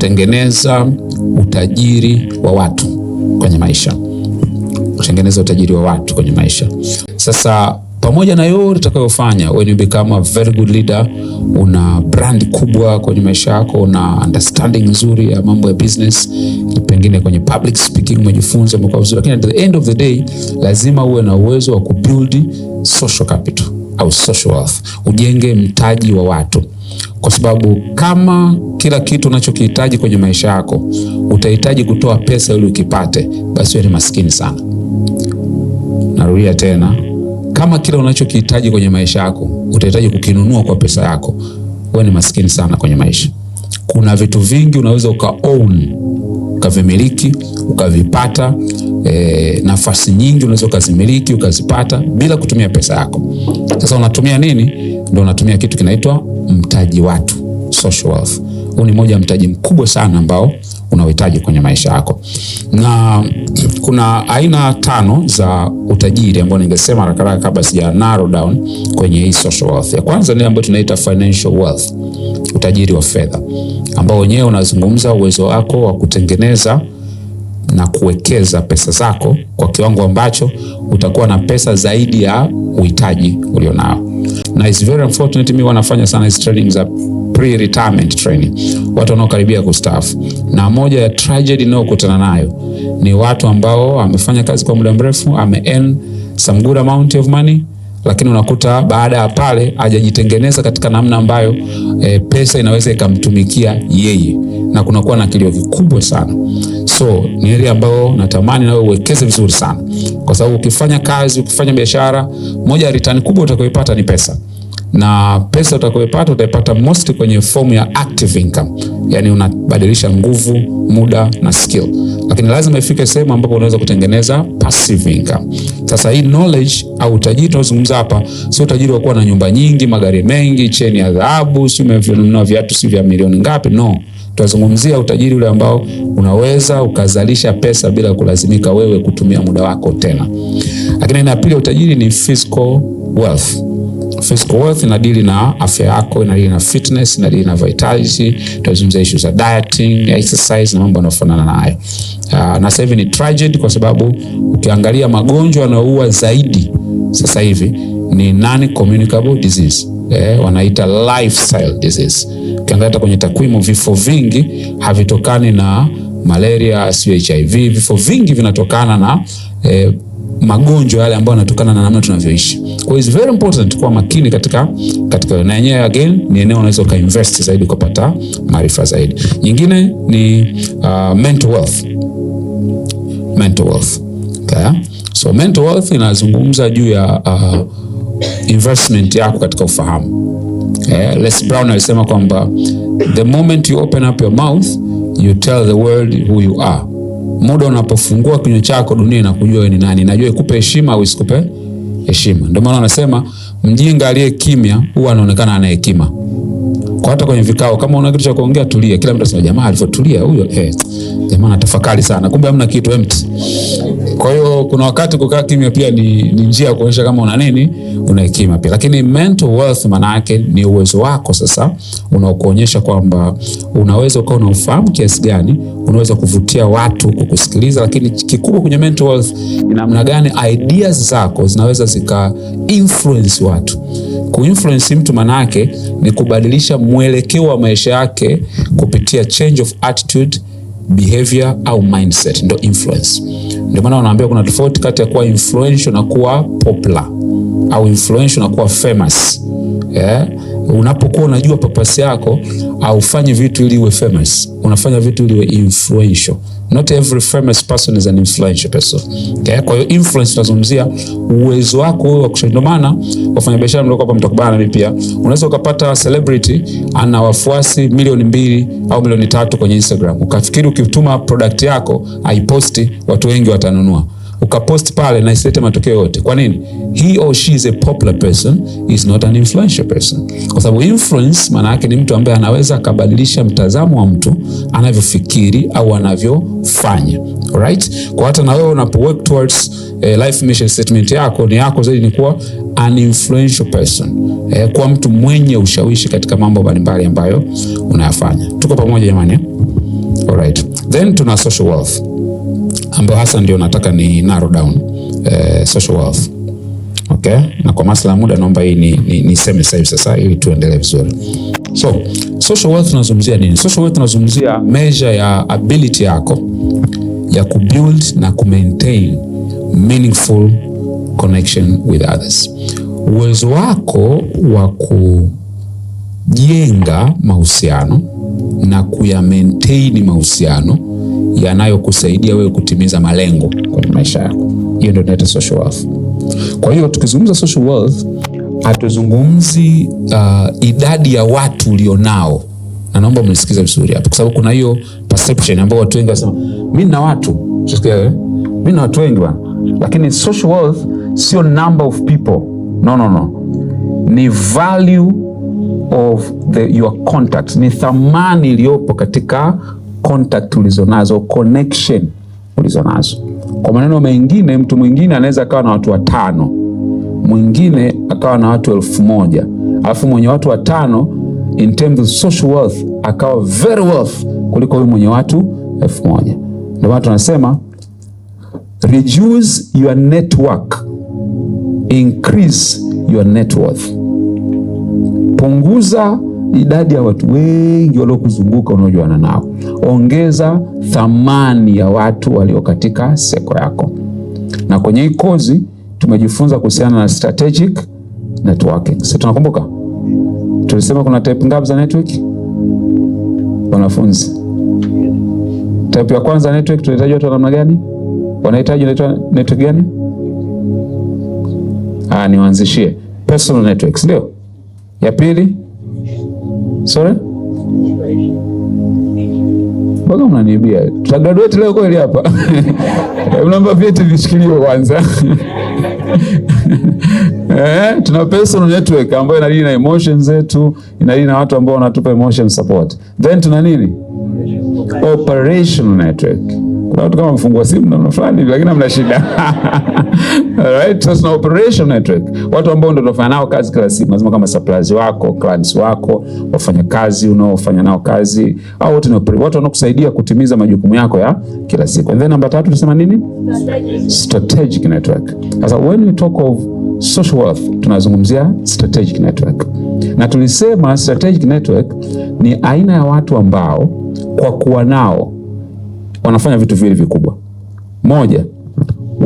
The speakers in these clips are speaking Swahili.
kutengeneza utajiri wa watu kwenye maisha, kutengeneza utajiri wa watu kwenye maisha. Sasa pamoja na yote utakayofanya, when you become a very good leader, una brand kubwa kwenye maisha yako, una understanding nzuri ya mambo ya business, pengine kwenye public speaking umejifunza, umekuwa vizuri, lakini at the end of the day lazima uwe na uwezo wa kubuild social capital au social wealth, ujenge mtaji wa watu kwa sababu kama kila kitu unachokihitaji kwenye maisha yako utahitaji kutoa pesa ili ukipate, basi wewe ni maskini sana. Narudia tena, kama kila unachokihitaji kwenye maisha yako utahitaji kukinunua kwa pesa yako, wewe ni maskini sana kwenye maisha. Kuna vitu vingi unaweza uka own ukavimiliki ukavipata. E, nafasi nyingi unaweza ukazimiliki ukazipata bila kutumia pesa yako. Sasa unatumia nini ndo unatumia kitu kinaitwa mtaji watu, social wealth. Huu ni moja mtaji mkubwa sana ambao unaohitaji kwenye maisha yako, na kuna aina tano za utajiri ambao ningesema haraka haraka kabla sija narrow down kwenye hii social wealth. Ya kwanza ni ambayo tunaita financial wealth, utajiri wa fedha ambao wenyewe unazungumza uwezo wako wa kutengeneza na kuwekeza pesa zako kwa kiwango ambacho utakuwa na pesa zaidi ya uhitaji ulionao na it's very unfortunate. mi wanafanya sana hizi training za pre-retirement training, watu wanaokaribia kustaafu, na moja ya tragedy inayokutana nayo ni watu ambao amefanya kazi kwa muda mrefu, ame earn some good amount of money lakini unakuta baada ya pale hajajitengeneza katika namna ambayo e, pesa inaweza ikamtumikia yeye na kunakuwa na kilio kikubwa sana. So ni area ambayo natamani nawe uwekeze vizuri sana, kwa sababu ukifanya kazi, ukifanya biashara, moja ya return kubwa utakayoipata ni pesa na pesa utakayopata utaipata most kwenye fomu ya active income, yani unabadilisha nguvu, muda na skill, lakini lazima ifike sehemu ambapo unaweza kutengeneza passive income. Sasa hii knowledge au utajiri tunaozungumza hapa sio utajiri wa kuwa na nyumba nyingi, magari mengi, cheni ya dhahabu, si umenunua viatu si vya milioni ngapi, no Tutazungumzia utajiri ule ambao unaweza ukazalisha pesa bila kulazimika wewe kutumia muda wako tena. Lakini aina ya pili ya utajiri ni physical wealth. Physical wealth inadili na afya yako, inadili na fitness, inadili na vitality. Tutazungumzia issues za dieting, exercise na mambo yanayofanana nayo. Ah, na sasa hivi ni tragedy kwa sababu ukiangalia magonjwa yanayoua zaidi sasa hivi ni non communicable disease. Eh, wanaita lifestyle disease ukiangalia hata kwenye takwimu, vifo vingi havitokani na malaria, sio HIV. Vifo vingi vinatokana na eh, magonjwa yale ambayo yanatokana na namna tunavyoishi. Kwa hiyo it's very important kuwa makini katika katika, na yenyewe again ni eneo unaweza ukainvest zaidi ukapata maarifa zaidi. Nyingine ni uh, mental health. Mental health. Okay. So mental health inazungumza juu ya uh, investment yako katika ufahamu Eh, Les Brown alisema kwamba the moment you open up your mouth you tell the world who you are. Muda unapofungua kinywa chako dunia inakujua wewe ni nani, najua ikupe heshima au isikupe heshima. Ndio maana anasema mjinga aliye kimya huwa anaonekana ana hekima. Kwa hata kwenye vikao kama una kitu cha kuongea tulia, kila mtu anasema jamaa alivyotulia huyo, eh, jamaa anatafakari sana, kumbe hamna kitu empty. Kwa hiyo kuna wakati kukaa kimya pia ni, ni njia ya kuonyesha kama una nini, una hekima pia. Lakini mental wealth maana yake ni uwezo wako sasa unaokuonyesha kwamba unaweza ukawa una kiasi gani unaweza kuvutia watu kukusikiliza, lakini kikubwa kwenye mental wealth ni namna gani ideas zako zinaweza zika influence watu. Kuinfluence mtu maana yake ni kubadilisha mwelekeo wa maisha yake kupitia change of attitude behavior au mindset, ndo influence. Ndio maana wanaambia kuna tofauti kati ya kuwa influential na kuwa popular au influential na kuwa famous yeah? Unapokuwa unajua purpose yako, haufanyi vitu ili uwe famous, unafanya vitu ili uwe influential. Not every famous person is an influential person. Okay? Kwa hiyo influence tunazungumzia uwezo wako wewe wa kushauri. Ndio maana wafanyabiashara mlioko hapa mtakubana mimi pia. Unaweza ukapata celebrity ana wafuasi milioni mbili au milioni tatu kwenye Instagram. Ukafikiri ukituma product yako aiposti, watu wengi watanunua ukapost pale na isilete matokeo yote. Kwa nini? He or she is a popular person, is not an influential person. Kwa sababu influence maana yake ni mtu ambaye anaweza akabadilisha mtazamo wa mtu anavyofikiri au anavyofanya. Right? Kwa hata na wewe unapo work towards eh, life mission statement yako ni yako zaidi ni kuwa an influential person. Eh, kuwa mtu mwenye ushawishi katika mambo mbalimbali ambayo unayafanya. Tuko pamoja jamani? Alright. Then tuna social wealth ambayo hasa ndio nataka ni narrow down uh, social wealth. Okay? Na kwa masuala ya muda naomba hii ni, ni, ni sema sasa sasa ili tuendelee vizuri. So, social wealth tunazungumzia nini? Social wealth tunazungumzia measure ya ability yako ya kubuild na kumaintain meaningful connection with others. Uwezo wako wa kujenga mahusiano na kuya maintain mahusiano yanayokusaidia wewe kutimiza malengo kwenye maisha yako. Hiyo ndio tunaita social wealth. Kwa hiyo tukizungumza social wealth hatuzungumzi uh, idadi ya watu ulionao, na naomba mnisikize vizuri hapa, kwa sababu kuna hiyo perception ambayo watu wengi wanasema mimi na watu mimi na watu wengi bwana, lakini social wealth sio number of people. No, no, no, ni value of the, your contacts, ni thamani iliyopo katika contact ulizonazo, connection ulizonazo. Kwa maneno mengine, mtu mwingine anaweza akawa na watu watano, mwingine akawa na watu elfu moja alafu mwenye watu watano in terms of social wealth akawa very wealth kuliko huyu mwenye watu elfu moja. Ndio maana tunasema reduce your network increase your net worth. Punguza idadi ya watu wengi waliokuzunguka unaojuana nao. Ongeza thamani ya watu walio katika seko yako. Na kwenye hii kozi tumejifunza kuhusiana na strategic networking. Sasa tunakumbuka tulisema kuna type ngapi za network wanafunzi? Type ya kwanza network tunahitaji watu wa namna gani? Wanahitaji network gani? Ah, niwaanzishie personal networks, ndio ya pili Sorry? Mpaka mnaniibia. Tutagraduate leo kweli hapa? Mnaomba vyeti vishikiliwe kwanza. Eh, tuna personal network ambayo inadili na emotions zetu, inadili na watu ambao wanatupa emotion support. Then tuna nini? Operational network. Kuna watu kama mfungua simu namna fulani, lakini hamna shida. Alright, sasa na operation network. Watu ambao ndio tunafanya nao kazi kila siku, lazima kama suppliers wako, clients wako, wafanya kazi unaofanya nao kazi, au wote ni watu wanaokusaidia kutimiza majukumu yako ya kila siku. And then namba tatu tunasema nini? Strategic. Strategic network. Sasa when we talk of social wealth, tunazungumzia strategic network. Na tulisema strategic network ni aina ya watu ambao kwa kuwa nao wanafanya vitu viwili vikubwa. Moja,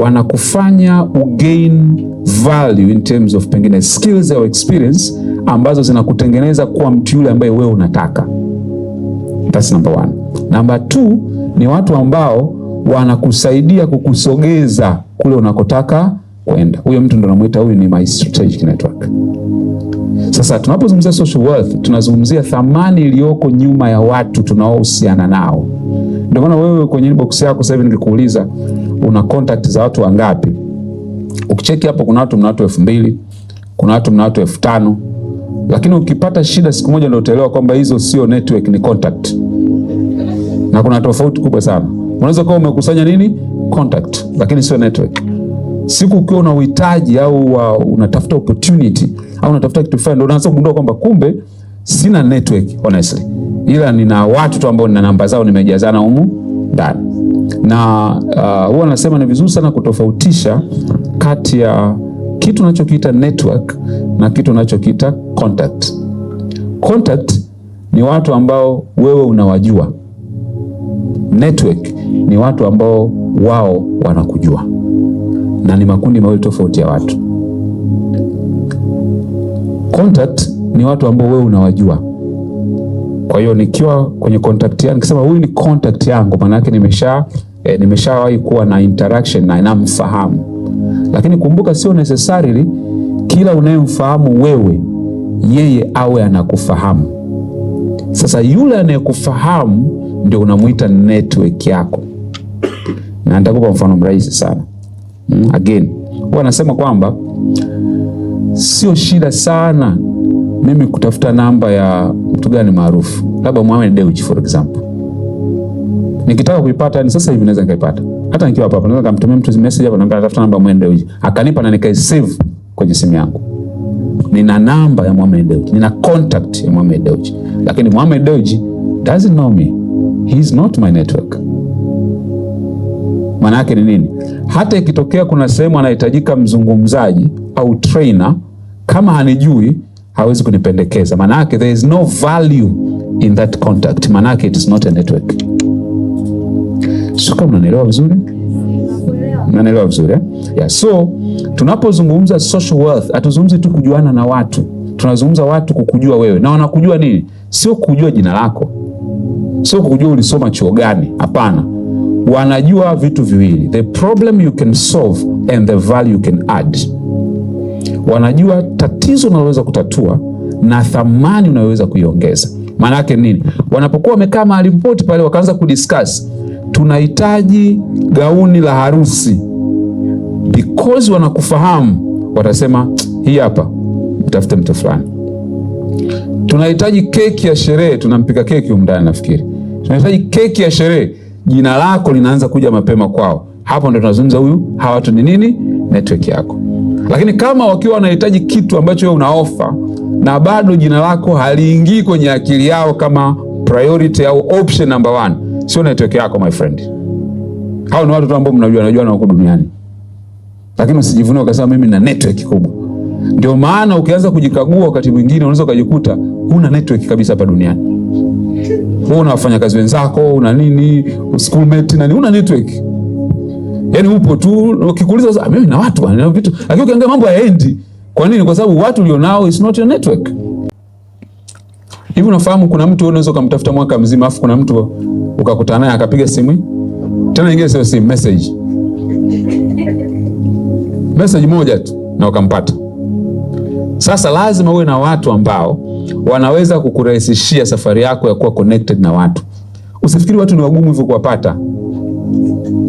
wanakufanya ugain value in terms of pengine skills au experience ambazo zinakutengeneza kuwa mtu yule ambaye wewe unataka. That's number one. Number two ni watu ambao wanakusaidia kukusogeza kule unakotaka kwenda. Huyo mtu ndo namwita, huyu ni my strategic network. Sasa tunapozungumzia social worth, tunazungumzia thamani iliyoko nyuma ya watu tunaohusiana nao. Ndio maana wewe kwenye inbox yako sasa hivi nikikuuliza una contact za watu wangapi. Ukicheki hapo, kuna watu mna watu elfu mbili kuna watu mna watu elfu tano lakini ukipata shida siku moja ndio utaelewa kwamba hizo sio network, ni contact, na kuna tofauti kubwa sana. Unaweza kuwa umekusanya nini contact, lakini sio network. Siku ukiwa una uhitaji au uh, unatafuta opportunity au unatafuta kitu fulani, ndio unaanza kugundua kwamba kumbe sina network honestly, ila nina watu tu ambao nina namba zao nimejazana humu ndani na uh, huwa anasema ni vizuri sana kutofautisha kati ya kitu unachokiita network na kitu unachokiita contact. Contact ni watu ambao wewe unawajua. Network ni watu ambao wao wanakujua, na ni makundi mawili tofauti ya watu. Contact ni watu ambao wewe unawajua kwa hiyo nikiwa kwenye contact yangu, nikisema huyu ni contact yangu, maana yake nimesha eh, nimeshawahi kuwa na interaction na namfahamu. Lakini kumbuka, sio necessarily kila unayemfahamu wewe yeye awe anakufahamu. Sasa yule anayekufahamu ndio unamuita network yako, na nitakupa mfano mrahisi sana. Hmm, again, huwa anasema kwamba sio shida sana mimi kutafuta namba ya mtu gani maarufu, labda Mohamed Dewji for example, nikitaka kuipata ni sasa hivi naweza nikaipata, hata nikiwa hapa naweza kumtumia mtu message hapo, naambia natafuta namba ya Mohamed Dewji, akanipa na nikaisave kwenye simu yangu. Nina namba ya Mohamed Dewji, nina contact ya Mohamed Dewji, lakini Mohamed Dewji doesn't know me, he is not my network. Maana yake ni nini? Hata ikitokea kuna sehemu anahitajika mzungumzaji au trainer, kama hanijui hawezi kunipendekeza. Maana yake there is no value in that contact, maana yake it is not a network. Sio kama unanielewa vizuri? Unanielewa vizuri eh? Yeah, so tunapozungumza social worth hatuzungumzi tu kujuana na watu, tunazungumza watu kukujua wewe, na wanakujua nini? Sio kujua jina lako, sio kujua ulisoma chuo gani. Hapana, wanajua vitu viwili, the problem you can solve and the value you can add wanajua tatizo unaloweza kutatua na thamani unayoweza kuiongeza. Maana yake nini? Wanapokuwa wamekaa mahali popote pale, wakaanza kudiscuss, tunahitaji gauni la harusi, because wanakufahamu, watasema hii hapa, mtafute mtu fulani. Tunahitaji keki ya sherehe, tunampika keki huko nafikiri tunahitaji keki ya sherehe. Jina lako linaanza kuja mapema kwao, hapo ndo tunazungumza, huyu hawa ni nini network yako. Mm. Lakini kama wakiwa wanahitaji kitu ambacho wewe unaofa na bado jina lako haliingii kwenye akili yao kama priority au option number one, sio network yako my friend. Hao ni watu tu ambao mnajua najua na wako duniani, lakini usijivunie ukasema mimi na network kubwa. Ndio maana ukianza kujikagua, wakati mwingine unaweza ukajikuta huna network kabisa hapa duniani. Wewe una wafanyakazi wenzako, una nini, schoolmate na nini, una network yani upo tu, ukikuuliza ah, mimi na watu na vitu, lakini ukiangalia mambo hayaendi. Kwa nini? Kwa sababu watu ulionao is not your network. Hivi unafahamu kuna mtu unaweza ukamtafuta mwaka mzima, afu kuna mtu ukakutana naye akapiga simu tena, ingine sio simu, message message moja tu na ukampata. Sasa lazima uwe na watu ambao wanaweza kukurahisishia safari yako ya kuwa connected na watu. Usifikiri watu ni wagumu hivyo kuwapata.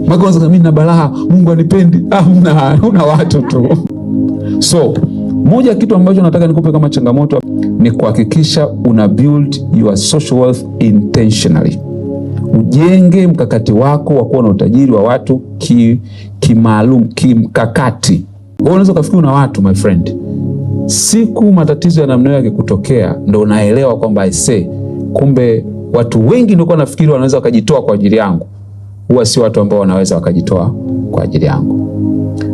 Maka mimi na balaa, Mungu anipendi. Amna, ah, una watu tu. So moja kitu ambacho nataka nikupe kama changamoto ni kuhakikisha una build your social wealth intentionally. Ujenge mkakati wako wa kuwa na utajiri wa watu kimaalum, ki kimkakati. Wewe unaweza ukafikiri una watu my friend, siku matatizo ya namna hiyo yakikutokea, ndo unaelewa kwamba aisee, kumbe watu wengi nilikuwa nafikiri wanaweza wakajitoa kwa ajili yangu huwa sio watu ambao wanaweza wakajitoa kwa ajili yangu.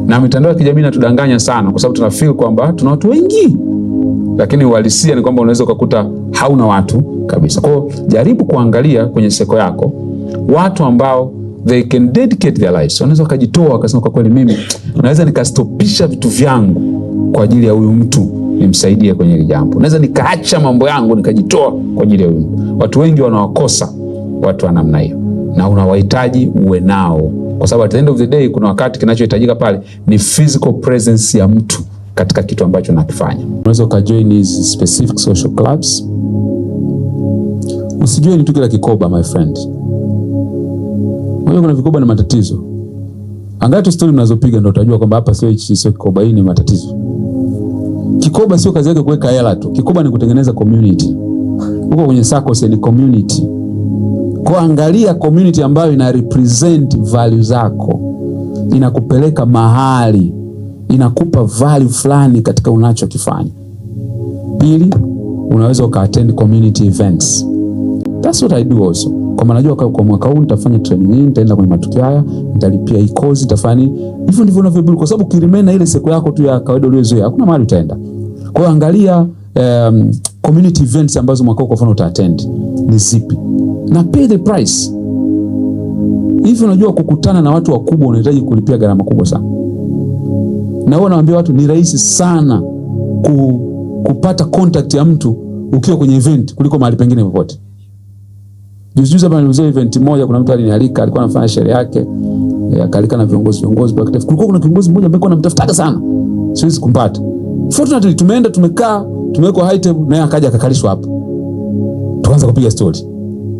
Na mitandao ya kijamii inatudanganya sana, kwa sababu tunafeel kwamba tuna watu wengi, lakini uhalisia ni kwamba unaweza ukakuta hauna watu kabisa. Kwa jaribu kuangalia kwenye seko yako watu ambao they can dedicate their lives, wanaweza wakajitoa wakasema, kwa kweli mimi naweza nikastopisha vitu vyangu kwa ajili ya huyu mtu nimsaidie kwenye hili jambo, naweza nikaacha mambo yangu nikajitoa kwa ajili ya huyu mtu. Watu wengi wanawakosa watu wa namna hiyo na unawahitaji uwe nao, kwa sababu at the end of the day kuna wakati kinachohitajika pale ni physical presence ya mtu katika kitu ambacho nakifanya. Unaweza ukajoin hizi specific social clubs. Usijoin tu kila kikoba, my friend. Unajua kuna vikoba ni matatizo. Angalia tu stori mnazopiga ndio utajua kwamba hapa sio hichi, sio kikoba, hii ni matatizo. Kikoba sio kazi yake kuweka hela tu. Kikoba ni kutengeneza community. Uko kwenye SACCOS ni community kuangalia community ambayo ina represent value zako, inakupeleka mahali, inakupa value fulani katika unachokifanya. Pili, unaweza ukaattend community events. That's what I do also. Kwa maana najua kwa mwaka huu nitafanya training hii, nitaenda kwenye matukio haya, nitalipia hii course, nitafanya hivyo ndivyo unavyobuild, kwa sababu ukiremain na ile siku yako tu ya kawaida uliyozoea, hakuna mahali utaenda. Kwa hiyo angalia um, community events ambazo mwaka huu kwa mfano utaattend ni zipi? na pay the price. Hivi unajua kukutana na watu wakubwa unahitaji kulipia gharama kubwa sana, na huwa nawaambia watu ni rahisi sana ku, kupata contact ya mtu ukiwa kwenye event kuliko mahali pengine popote. Juzi juzi hapa nilizia event moja, kuna mtu alinialika, alikuwa anafanya sherehe yake, e, akalika na viongozi viongozi kwa kitafu. Kulikuwa kuna kiongozi mmoja ambaye alikuwa anamtafutaga sana, siwezi kumpata. Fortunately tumeenda tumekaa, tumewekwa high table, naye akaja akakalishwa hapo, tuanza kupiga story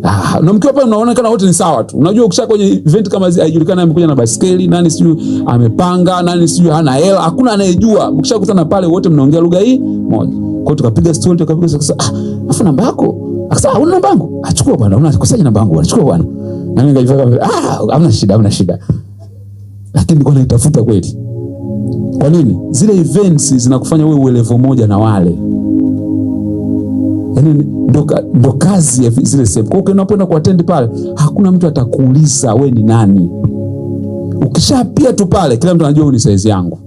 Ah, na mkiwa pale unaonekana wote ni sawa tu. Unajua ukisha kwenye event kama hizi haijulikani amekuja na baisikeli, nani sijui amepanga, nani sijui hana hela, hakuna anayejua. Mkishakutana pale wote mnaongea lugha hii moja. Kwa hiyo tukapiga story, tukapiga ah, afu namba yako. Akasema ah, una namba yangu? Achukua bwana, unakosaje namba yangu? Achukua bwana. Na mimi nikajifanya, ah, hamna shida, hamna shida. Lakini nilikuwa naitafuta kweli. Kwa nini? Zile events zinakufanya wewe moja na wale yani ndo kazi ya zile sehemu. Kwa hiyo unapoenda kuatendi pale, hakuna mtu atakuuliza we ni nani. Ukishapia tu pale, kila mtu anajua ni saizi yangu,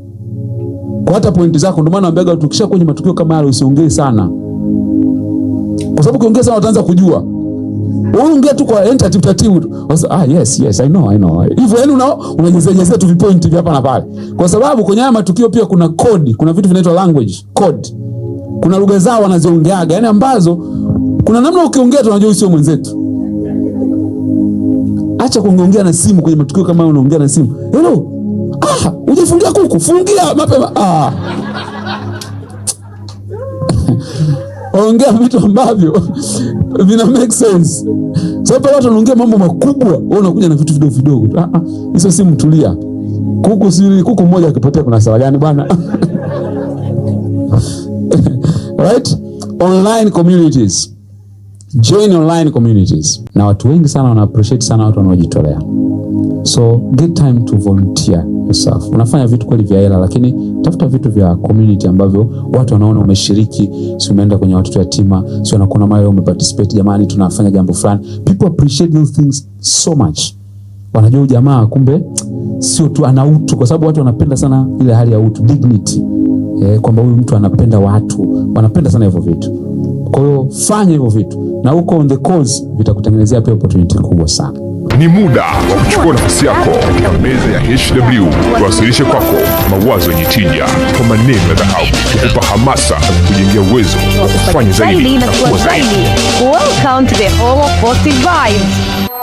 kwa hata pointi zako. Ndio maana naambiaga watu, ukisha kwenye matukio kama yale usiongee sana, kwa sababu ukiongea sana wataanza kujua Unaongea tu kwa entertainment taratibu tu. Ah, yes, yes, I know, I know. Hivyo yani una unajezea tu vipointi hapa na pale. Kwa sababu kwenye haya matukio pia kuna code, kuna vitu vinaitwa language, code kuna lugha zao wanaziongeaga, yani ambazo kuna namna ukiongea tunajua sio mwenzetu. Acha kuongea na simu kwenye matukio kama unaongea na simu. Hello, ah, ujifungia kuku, fungia mapema. Ah, ongea vitu ambavyo vina make sense. Sasa so, watu wanaongea mambo makubwa, wewe unakuja na vitu vidogo vidogo. Ah, ah, hizo simu, tulia. Kuku siri, kuku mmoja akipotea kuna sawa gani bwana? right? Online communities. Join online communities. Na watu wengi sana wana appreciate sana watu wanaojitolea. So get time to volunteer yourself. Unafanya vitu kweli vya hela, lakini tafuta vitu vya community ambavyo watu wanaona umeshiriki, si umeenda kwenye watoto yatima, si wanakuona mara umeparticipate, jamani tunafanya jambo fulani. People appreciate those things so much. Wanajua ujamaa kumbe sio tu ana utu, kwa sababu watu wanapenda sana ile hali ya utu, dignity eh, kwamba huyu mtu anapenda watu, wanapenda sana hivyo vitu. Kwa hiyo fanya hivyo vitu, na huko on the course vitakutengenezea pia opportunity kubwa sana. Ni muda wa kuchukua nafasi yako katika meza ya HW, tuwasilishe kwako mawazo yenye tija kwa maneno ya dhahabu, kukupa hamasa na kujengea uwezo wa kufanya zaidi na kuwa zaidi. Welcome to the Hall of Positive Vibes.